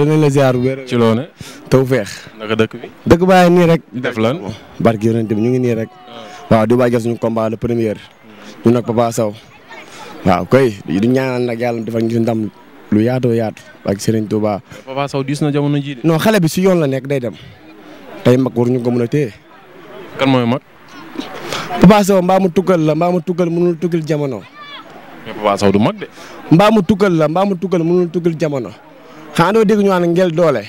Booy danañ la ziar bu wér. ci baa nii rek. def lan barki yonent ñu ngi nii rek. waaw di waajal suñu combat le premier. Hmm. ñu nag Papa Sow. waaw koy du ñaanal nag yàlla defal lu yaatoo yaatu ak Serigne Touba. Papa Sow diis na jamono jii de. non xale bi si yoon la nekk day dem. tey mag waruñu ko mën a téye. mooy mag. Papa Sow mbaa mu tukkal la mbaa mu tukkal mënul tukkal jamono. mais Papa du mag mbaa mu tukkal la mbaa mu tukkal mënul tukkal jamono. xanaa doo dégg ñu naan ngel doole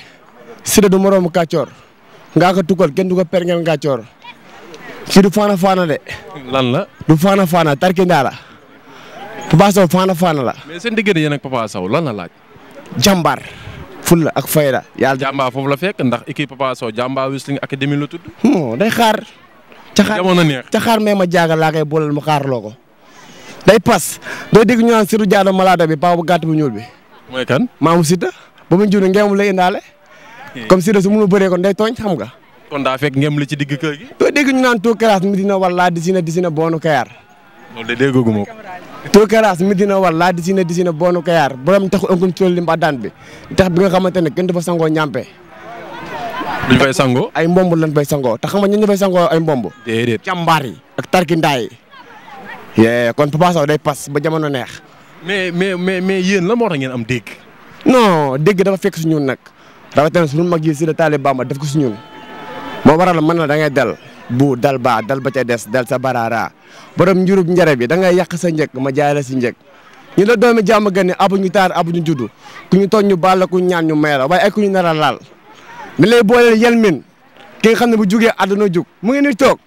Siteu du moroomu kàccoor ngaa ko tukkal kenn du ko per ngel ngàccoor fii du faana faana de. la du faana faana tarkindaa la Papa Sow faana faana la. mais seen ak la laaj. jàmbaar. ful la ak fayda yàlla. jàmbaar foofu la fekk ndax équipe Papa Sow jàmbaar wrestling académie la tudd. Hmm, day xaar. ca xaar jamono neex mee ma jaagal laa koy booleel mu xaarloo ko. day pas doo dégg ñu naan Siteu jaadu bi paa bu gàtt bu ñuul bi. mooy kan maamu ba ma juune ngeem la indaale. Eh. comme Siteu su mënul bëree kon day tooñ xam nga. kon daa fekk ngeem li ci digg kër gi. doo dégg ñu naan Toucaras mi dina wala disi na disi na boonu Kayar. loolu de déggagu ma ko. Toucaras mi dina wala disi na disi na boonu Kayar borom taxu ënkum ci li mbàddaan bi tax bi nga xamante ne kenn dafa sangoo ñàmpe. lu ñu fay sangoo. ay mbomb lañ fay sangoo te xam nga ñun ñu fay sangoo ay mbomb. déedéet càmbaar yi ak tarkindaay yi. kon Papa Sow day pas ba jamono neex. mais mais mais mais yéen la moo tax ngeen am dégg. non dégg dafa fekk suñu nag rawatina suñu mag yi si la baa ma def ko suñu moo waral man la da ngay dal buu dal baa dal ba ca des dal sa baraara borom njurub njare bi da ngay yàq sa njëg ma jaay si njëg ñu la doomi jàmm gën ne abu ñu taar abu ñu judu ku ñu tooñ ñu baala la ku ñaan ñu may la waaye ay ku ñu nar a laal mi lay yel min ki nga xam ne bu jugee àdduna jug mu ngi ni toog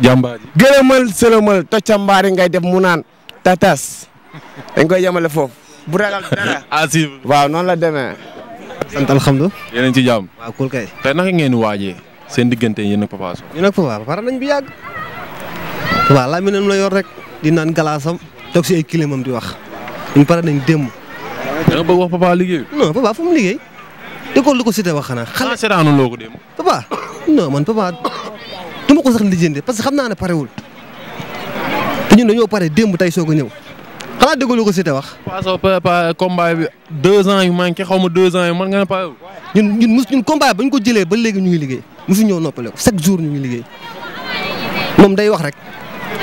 jàmbaar ji gërëmal sërëmal ngay def mu naan tatas dañ koy yemale foofu bu ragal dara. asib ah, waaw noonu la demee. sant alhamdulilah. yéen a ci jàmm. waaw kul kay. tey naka ngeen waajee seen diggante yéen ak Papa Sow. ñun ak Papa pare nañ Papa laminam la yor rek di naan galaasam toog si ay kilimam di wax ñun pare nañ démb. da nga Papa liggéey. non Papa fu mu di ko lu ko cité wax xanaa. xale ah, seetaanu loo ko démb. Papa non man Papa du ma ko sax lijjanti parce que xam naa ne parewul te ñun dañoo pare démb tey soog a ñëw. xanaa déglu ko Siteu wax. waaw soo combat bi deux ans yu manqué xaw ma deux ans yu man nga ne paa ñun ñun mos ñun combat bañ ko jëlee ba léegi ñu ngi liggéey mosu ñëw noppale ko chaque jour ñu ngi liggéey moom day wax rek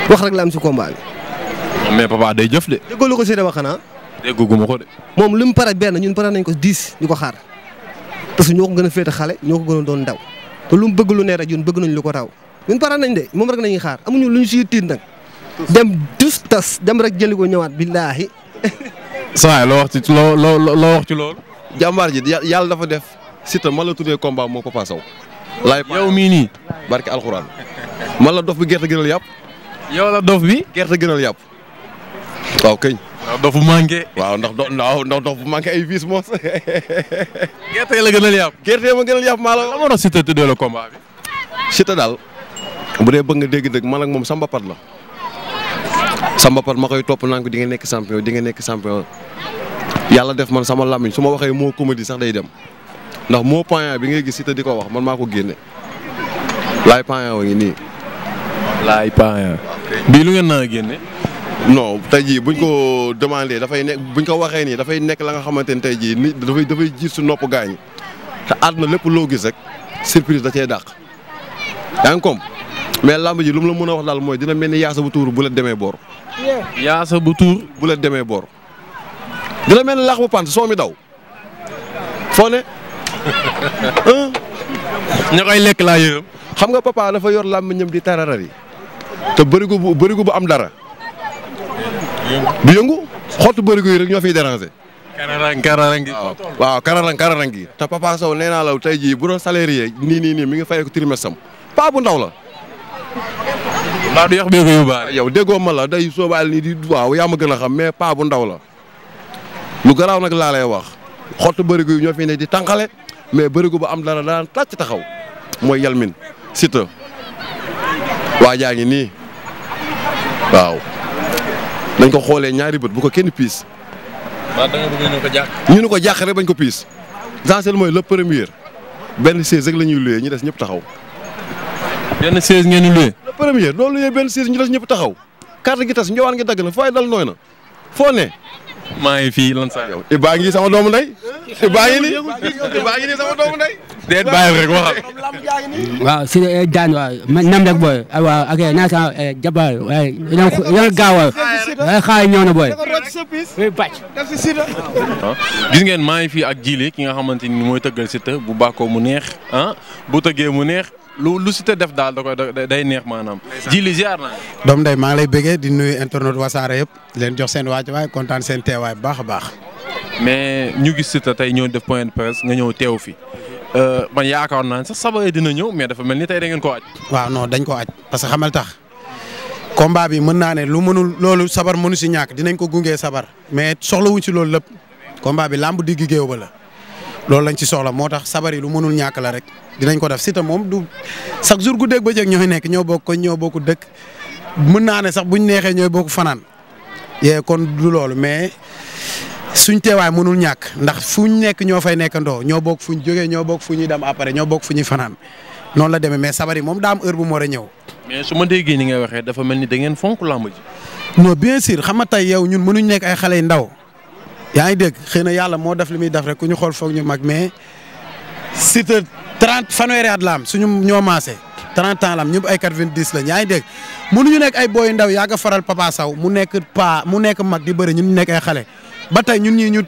wax rek la am si combat bi. mais papa day jëf de. déglu ko Siteu wax xanaa. dégguma ko de. moom lu mu pare benn ñun pare nañ ko dix ñu ko xaar parce que ñoo ko gën a féete xale ñoo ko gën a doon ndaw te lu mu bëgg lu ne rek ñun bëgg nañ lu ko taw ñun pare nañ de moom rek nañuy xaar amuñu lu ñu siy tiit nag dem dus dem rek jëli ko ñëwaat billaahi. saa loo wax ci wax ci loolu. jàmbaar ji yàlla dafa def Siteu man la tuddee combat moo Papa Sow. laay yow mii nii. barke alxuraan man la dof bi gerte gënal yàpp. yow waaw këñ. ndax dof bu manqué. waaw ndax do ndax dof bu manqué ay vices moos. gerte la gënal yàpp. gerte ma gënal yàpp maa la. lan moo tax Siteu tuddee la combat bi. Siteu daal bu dee bëgg nga dégg dëgg man ak moom sama mbapat la. sama par ma koy topp naan ko di nga nekk champion di nga nekk champion yàlla def man sama làmmiñ su ma waxee moo di sax day dem ndax moo point bi ngay gis si te di ko wax man maa ko génne laay point wa ngi nii. laay bii lu ngeen naa génne. non tey jii buñ ko demandé dafay nekk buñ ko waxee nii dafay nekk la nga xamante ni tey jii ni dafay dafay jiir su nopp gaañ te na lépp loo gis rek surprise da cee dàq yaa ngi mais làmb ji lu la mën a wax daal mooy dina mel ni yaasa bu tuur bu la demee boor. yaasa bu tuur bu la demee boor. dina mel ni laax bu pant soo mi daw. foone ne. koy lekk laa yërëm. xam nga papa dafa yor làmb ñëm di tararar yi te bërigo bu bërigo am dara. bu yëngu xottu bërigo yi rek ñoo fiy déranger. kararang kararang gi waaw waaw kararang kararang gi te papa Sow nee naa la tey jii bu doon salarié nii nii nii mi ngi fay ko trimestre am paa bu ndaw la. waaw du yàq bee ko yóbbaale. yow déggoo mala day sóobaale nii di waaw yaa ma gën a xam mais paa bu ndaw la lu garaaw nag laa lay wax xot bërigo yi ñoo fi ne di tànqale mais bërigo bu am dara daan tàcc taxaw mooy yalmin sita waa jaa ngi nii waaw dañ ko xoolee ñaari bët bu ko kenn piis. ñu ko ko jàq rek bañ ko piis. l'essentiel mooy le premier benn chaise rek la ñuy luyee ñu des ñëpp taxaw. benn siège ngeen di loué. le premier doo benn siège ñu des ñëpp taxaw carte gi tas njowaan ngi dagg na fooy dal nooy na foo ne. maa ngi fii lan saa yow. Ibaa ngi sama doomu ndey. Ibaa ngi nii Ibaa ngi nii sama doomu ndey. déet bàyyi rek waxal. waaw si eh, daan waaw booy ah, waaw ak eh, ah. gis ngeen maa ngi fii ak Jili ki nga xamante ni mooy tëggal Siteu bu bàkkoo mu neex ah bu tëggee mu neex lu lu Siteu def daal da koy day neex maanaam. ji li ziar naa. doomu ndey maa ngi lay bëggee di nuyu internet wasaare yëpp leen jox seen waaj waay kontaan seen teewaay bu baax a baax. mais ñu gis Siteu tey ñoo def point de nga ñëw teew fi euh, man yaakaar naa sax Sabaye dina ñëw mais dafa mel ni tey da ngeen ko aj waaw non dañ ko aj parce que xamal tax combat bi mën naa ne lu mënul loolu sabar mënu si ñàkk dinañ ko gungee sabar mais soxlawuñ si loolu lépp combat bi làmb digg géew ba la. loolu lañ ci soxla moo tax sabar lu mënul ñàkk la rek dinañ ko def Siteu moom du chaque jour guddeeg bëccëg ñooy nekk ñoo bokk ko ñoo book dëkk mën naa ne sax buñ neexee ñooy bokk fanaan yee kon du loolu mais suñ teewaay mënul ñàkk ndax fuñ nekk ñoo fay nekkandoo ñoo bokk fuñ jógee ñoo bokk fu ñuy dem après ñoo bokk fu ñu fanaan noonu la demee mais sabar moom daam am heure bu mu war a ñëw. mais su ma déggee ni ngay waxee dafa mel ni da ngeen fonk làmb ji. non bien sûr xam nga tey yow ñun mënuñ nekk ay xale yu ndaw yaa ngi dégg xëy na yàlla moo def li muy def rek ku ñu xool foog ñu mag mais Siteu 30 fanweeri at la am suñu ñoo maase 30 ans la am ñëpp ay 90 lañ yaa ngi dégg mënuñu nekk ay booy ndaw yaa yàgg faral Papa saw mu nekk pa mu nekk mag di bëri ñun ñu nekk ay xale. ba tey ñun ñii ñu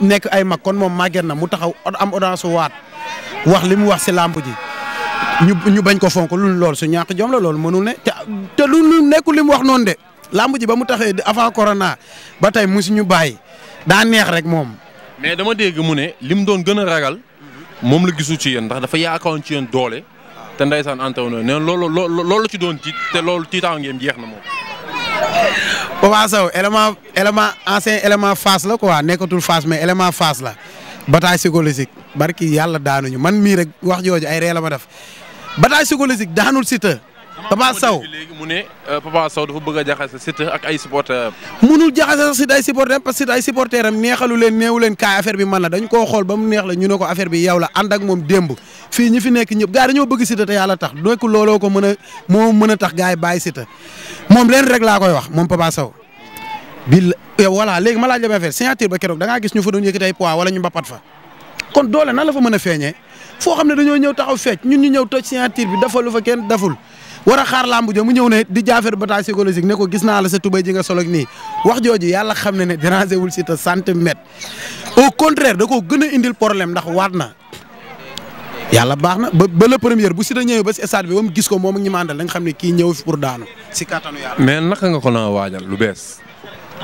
nekk ay mag moom màgget na mu taxaw am audience waat wax li mu wax si làmb ji ñu ñu bañ ko fonk lu lool su ñàkk jom la loolu mënul ne te te lu nekkul li mu wax noonu de làmb ji ba mu taxee di avant corona ba tey musuñu bàyyi. daa neex rek moom. mais dama dégg mu ne li mu doon gën a ragal moom la gisu ci yéen ndax dafa yaakaaroon ci yéen doole te ndaysaan antaw na ne loolu loolu ci doon tiit te loolu tiitaangeem jeex na moom. Papa Sow élément élément ancien élément face la quoi nekkatul face mais élément face la bataille psychologique barki yàlla ñu man mii rek wax jooju ay ree la ma def bataille psychologique daanul Siteu Papa Sow léegi mu ne euh, Papa Sow dafa bëgg a jaxase Siteu ak ay supporteurs am. munul jaxase Siteu ay supporteurs am parce que Siteu ay supporteurs am neexalu leen neewu leen kaay affaire bi man la dañ koo xool ba mu neex la ñu ne ko affaire bi yow la ànd ak moom démb fii ñi fi nekk ñëpp gars yi dañoo bëgg Siteu te yàlla tax donc looloo ko mën a moo mën a tax gars yi bàyyi Siteu moom leen rek laa koy wax moom Papa Sow. bi voilà léegi ma laaj la benn affaire signature ba keroog da ngaa gis ñu fa doon yëkkati ay poids wala ñu mbapat fa kon doole nan la fa mën a feeñee foo xam ne dañoo ñëw taxaw fecc ñun ñu ñëw toj signature bi dafa lu fa kenn daful war a xaar làmb jo mu ñëw na di jaafeer bataille psychologique ne ko gis naa sa tubay nga solo ak nii wax jooju yàlla xam ne ne déranger wul si te centimètre au contraire da koo gën a indil problème ndax waat na. yàlla baax na ba ba la première bu si da ñëwee ba si stade bi ba mu gis ko moom ak ñi ma xam ne kii ñëw fi pour daanu si kattanu yàlla. mais naka nga ko waajal lu bees.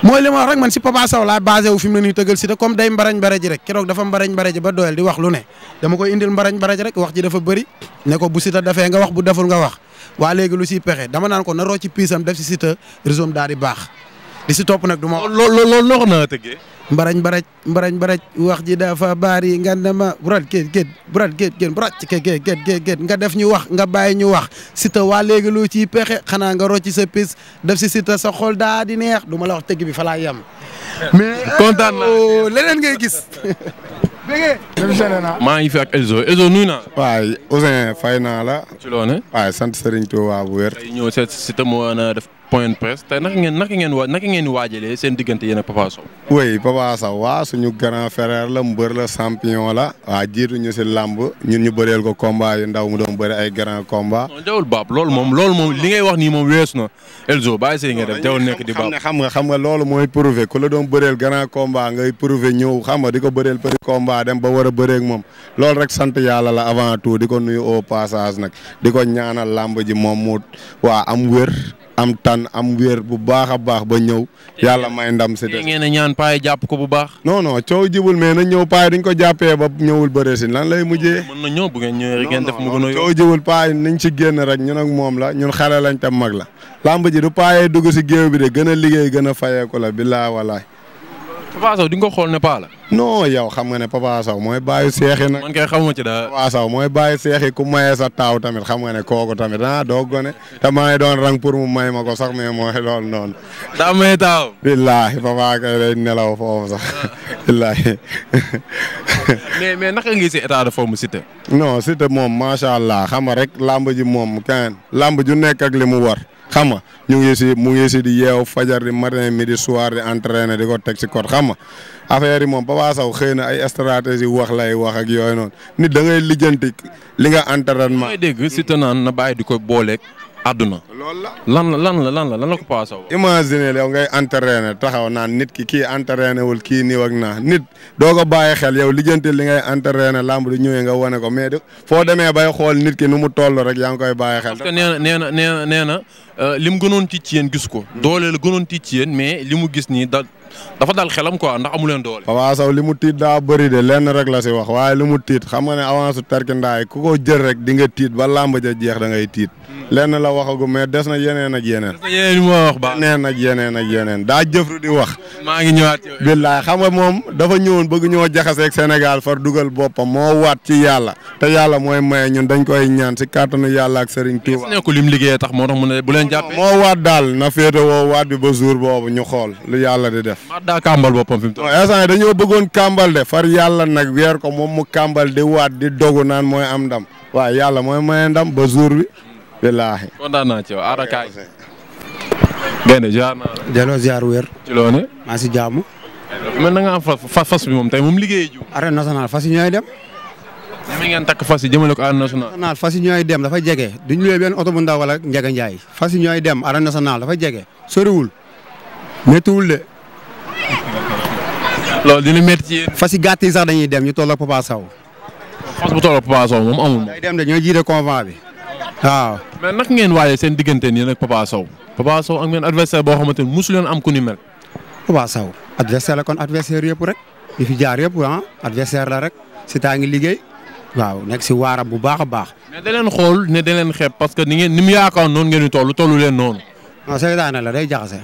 mooy li ma wax rek man si Papa Sow laa basé wu fi mu nii tëggal si te comme day mbarañ mbaraji rek keroog dafa mbarañ mbaraji ba doyal di wax lu ne dama koy indil mbarañ mbaraji rek wax ji dafa bëri ne ko bu si ta nga wax bu deful nga wax waa léegi lu siy pexe dama naan ko na rocc piisam def si Siteu réseau daal di baax di si topp nag du ma. loolu loolu noo ko naa tëggee. mbarañ mbarañ mbarañ mbarañ wax ji dafa bari nga ne ma bural géej géej bural géej géej bural géej géej géej nga def ñu wax nga bàyyi ñu wax Siteu waa léegi lu ciy pexe xanaa nga rocc sa piis def si Siteu sa xol daa di neex du ma la wax tëgg bi fa laa yem. mais kontaan naa euh, leneen ngay gis. maa ngi fi ak Elzo Elzo nuyu naa. fay naa la. ci loone sant Serigne Touba bu weer tey ñëw seet si def point presse tey naka ngeen naka ngeen wa naka ngeen waajalee seen diggante yéen ak Papa Sow. oui Papa Sow waa suñu grand frère la mbër la champion la. waa jiitu ñu si làmb ñun ñu bëreel ko combat yu ndaw mu doon bëri ay garan combat. non jawul baab moom loolu moom li ngay wax nii moom weesu na Elzo bàyyi see nga def nekk di baab xam nga xam nga loolu mooy prouvé ku la doon bëreel grand combat ngay ñëw xam nga di ko bëreel petit combat dem ba war a bëree moom loolu rek sant yàlla la avant tout di ko nuyu o passage nag di ko ñaanal làmb ji moom mu waa am wér am tan am wér bu baax a baax ba ñëw yàlla may ndam si des ngeen a ñaan paay jàpp ko bu baax non non coow jibul mais na ñëw paay duñ ko jàppee ba ñëwul bëre si lan lay mujjee mën na ñëw bu ngeen ñëwee rek ngeen def mu gën a coow jibul génn rek ñun moom la ñun xale lañ tam mag la làmb ji du paayee dugg si géew bi de gën a liggéey gën a fayeeku la billaa walaay Papa Sow di ko xool ne paa la. non yow xam nga ne Papa mooy bàyyi seexi nag. man ci dara. Papa mooy bàyyi seexi ku mayee sa taaw tamit xam nga ne kooku tamit ah doo gone te ngi doon rang pour mu may ma ko sax mais mooy loolu noonu. daa may taaw. billaahi papa kay day nelaw sax ah. billaahi. mais mais naka ngi si état de forme Siteu. non moom macha allah xam nga rek lamb ji moom kenn lamb ju nekk ak mu war. xam ñu ngi si mu ngi si di yeew fajar di matin midi soir di entraîner di ko teg si code xam nga affaire yi moom Papa Sow xëy na ay stratégie wax lay wax ak yooyu noonu nit da ngay lijjanti li nga entraînement. dégg si naan na bàyyi di ko booleek àdduna. lan la lan la lan la lan la ko Papa Sow. imaginer yow ngay entraîné taxaw naan nit ki kii entraîné wul kii nii ak nit doo ko bàyyi xel yow lijjanti li ngay entraîné làmb di ñëwee nga wane ko mais foo demee bay xool nit ki nu mu toll rek yaa ngi koy bàyyi xel. parce que nee na nee na euh, lim gënoon tiit ci gis ko. Hmm. doole la gënoon tiit ci mais li gis nii da. dafa dal xelam quoi ndax amu leen doole. Papa Sow li mu tiit daa bëri de lenn rek la si wax waaye li mu tiit xam nga ne avance tarkindaa yi ku ko jël rek di nga tiit ba làmb ja jeex da ngay tiit. Hmm. lenn la waxagu mais des na yeneen ak yeneen. des ba. yeneen ak yeneen ak yeneen daa jëfru di wax. maa ngi ñëwaat yooyu. billaay xam nga moom dafa ñëwoon bëgg ñoo jaxaseeg Sénégal far dugal boppam moo waat ci yàlla te yàlla mooy maye ñun dañ koy ñaan si kàttanu yàlla ak Serigne Touba. gis ko lim liggéeyee tax moo tax mu ne bu leen jàppee. moo waat daal na féete woo waat bi ba jour boobu ñu xool lu yàlla di def mat daa kàmbal boppam fi mu toll. instant yii dañoo bëggoon kàmbal de far yàlla nag weer ko moom mu kàmbal di waat di dogu naan mooy am ndam. waaw yàlla mooy maye ndam ba jour bi. billaahi. kontaan naa ci yow arakaay. Gaynde ziar naa la. delloo ziar weer. ci loone maa si jaamu. mel na nga am fas fas bi moom tey moom liggéeyi jiw. arène nationale fas yi ñooy dem. mi ngeen takk fas yi jëmale ko arène nationale. fas yi ñooy dem dafa jege duñu luwee benn oto bu ndaw wala njëga njaay fas yi ñooy dem arène nationale dafa jege soriwul méttiwul de loolu dina métti ci yéen. fas yi gàtt yi sax dañuy dem ñu toll ak Papa Sow. fas bu toll ak Papa Sow moom amul. day dem de ñoo jiite convent bi waaw. mais naka ngeen waaye seen diggante nii nag Papa Sow. Papa Sow ak adversaire boo xamante ni mosu leen am ku ni mel. Papa Sow adversaire la kon adversaire yëpp rek yi fi jaar yëpp ah adversaire la rek si taa ngi liggéey. waaw nekk si waaram bu baax a baax. mais da leen xool ne da leen parce que ni ngeen ni mu yaakaaroon noonu ngeen di toll tollu leen noonu. non seytaane la day jaxase.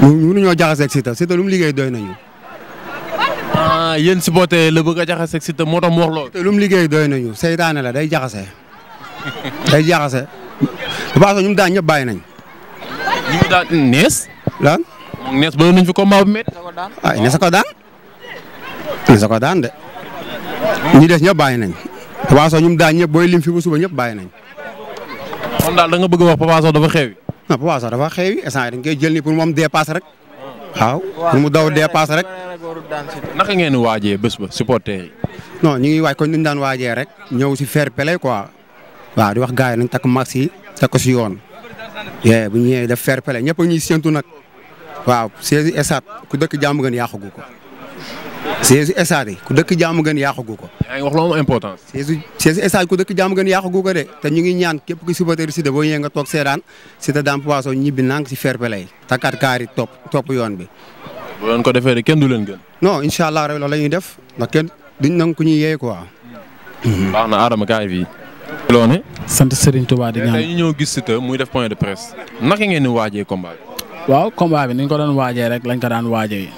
mënuñoo jaxase ak Siteu Siteu lu mu liggéey ah yéen si boote la bëgg a jaxase ak Siteu moo tax mu wax loolu. te lu mu liggéey doy nañu seytaane la day jaxase day jaxase Papa Sow ñu mu daan ñëpp bàyyi nañ. ñu mu daan nees. lan moom nees bëri nañ fi combat bu métti. ah nees a ko daan nees a ko daan de. ñi des ñëpp bàyyi nañ. Papa Sow ñu mu daan ñëpp booy lim fi ba suba ñëpp bàyyi nañ. kon daal da nga bëgg wax Papa Sow dafa xeewi. non Papa Sow dafa xeewi instant yii dañ koy jël ni pour moom dépasse rek. waaw lu mu daw dépassé rek. naka ngeen waajee bés ba supporter yi. non ñu ngi waaj ko ñu daan waajee rek ñëw si fair play quoi waaw di wax gars yi nañ takk max yi takk ko si yoon. bu ñu ñëwee def fair play ñëpp a ñuy séntu nag waaw 16 esat ku dëkk jàmm gën yàqu ko. siège stade yi ku dëkk jaamu gën yàqagu ko. yaa ngi wax lu am importance. siège de te ñu ngi ñaan képp ku supporter Siteu boo ñëwee nga toog seedaan Siteu Dame Papa Sow ñibbi nank si fair-play takkaat kaar yi topp yoon bi. bu ko defee rek kenn du leen gën. non incha allah rek loolu la ñuy def ndax kenn duñ ñu ku ñuy yee quoi. na Adama kaay fii. loo ne. sant Serigne Touba di ñaan tey ñu gis Siteu muy def point de presse naka ngeen di waajee combat bi. waaw combat bi ñu ko doon waajee rek lañ ko daan waajee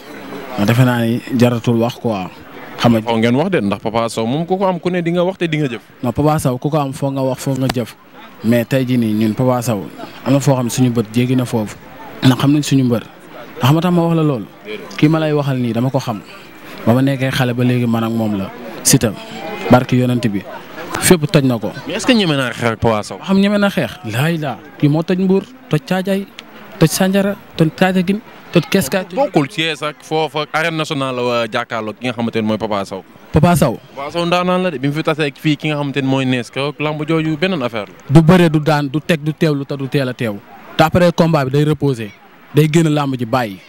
Ah, defe naa ne jaratul wax quoi. xam nga ngeen wax de ndax Papa Sow moom ku ko am ku ne di nga wax te di nga jëf. non Papa Sow ku ko am foog nga wax foog nga jëf mais tey jii nii ñun Papa Sow am na foo xam suñu bët jéggi na foofu ndax xam nañ suñu mbër ndax ma tax ma wax la loolu kii ma lay waxal nii dama ko xam ba ma nekkee xale ba léegi man ak moom la Siteu barki yonent bi fépp toj na ko. mais est que ñeme naa xeex ak Papa Sow. xam ñeme na xeex. laay laa kii moo toj Mbour toj Caajaay toj Sanjara toj Tattaguine tot kees kaay bokkul Thiès ak foofa arène nationale la jàkkaarloo ki nga xamante ne mooy Papa Sow. Papa Sow. Papa Sow ndaanaan la de bi mu fi tasee fii ki nga xamante ne mooy nees ko lamb jooju beneen affaire la. du bëre du daan du teg du teewlu te du teel a teew te après combat bi day reposer day génn lamb ji bàyyi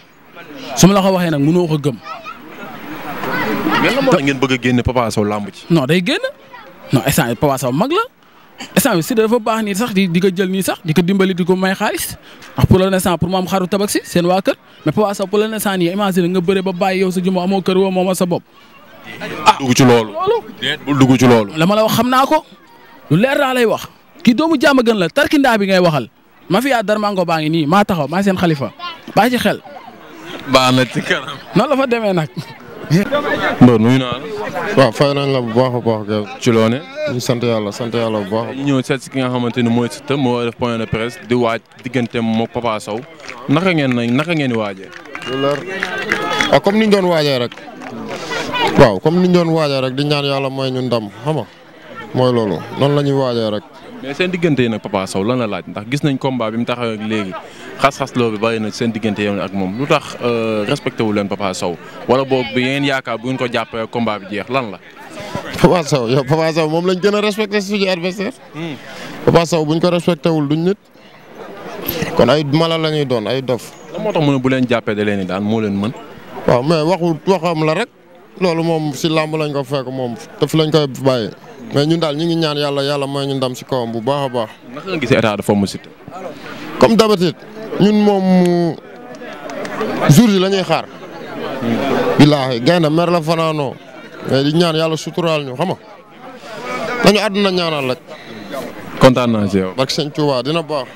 su ma la ko waxee nag mënoo ko gëm. lan la moo ngeen bëgg a génne Papa làmb ji. non day génn non instant Papa Sow mag la. instant bi Siteu dafa baax nii sax di ka ko jël nii sax di ko dimbali di ko may xaalis ndax pour l'instant pour mu am xaru tabax si seen waa kër mais Papa Sow pour l'instant nii imagine nga bëre ba bàyyi yow sa juma amoo kër sa bopp. ah bul dugg ci loolu. bul la ma la wax xam naa ko lu leer laa lay wax kii doomu jàmm gën la tarkindaa bi ngay waxal ma fi yaa darmango baa ngi nii maa taxaw maa seen xalifa baa ci xel. baax na ci kanam. noonu la fa demee nag. Mbër nuyu naa waaw fay nañ la bu baax a baax gars ci loone ñu sant yàlla sant yàlla bu baax. ñu ñëw seet si ki nga xamante ni mooy Siteu moo def point de presse di waaj digganteem moog Papa Sow naka ngeen nañ naka ngeen di waajee. lu leer ah, comme ni ñu doon waajee rek. waaw comme ni ñu doon waajee rek di ñaan yàlla mooy ñu ndam xam mooy loolu noonu la ñuy waajee rek. mais seen diggante yi nag Papa Sow lan laaj ndax gis nañ combat bi mu taxaw ak léegi xas-xas loo bi na seen diggante yow ak moom lu tax euh, respecté wu leen Papa Sow wala boog bi ngeen yaakaar bu ngeen ko jàppee combat bi jeex lan la. Papa Sow yow Papa Sow moom lañ gën a respecté suñu adversaire. Hmm. Papa Sow buñ ko respecté wul duñ nit. kon ay mala la doon ay dof. moo tax mu bu leen jàppee da leen di daan moo leen mën. waaw mais waxu waxam la rek. loolu moom si làmb lañ ko fekk moom te fi lañ koy bàyyee. mais ñun daal ñu ngi ñaan yàlla yàlla mooy ñu ndam si kawam bu baax a baax. naka nga gisee état de ñun moom jour yi la ñuy xaar. billaahi gaynde mer la fanaanoo mais di ñaan yàlla suturaal ñu xam nga dañu àdduna ñaanal kontaan naa ci yow. barke sëñ Tuubaa dina baax.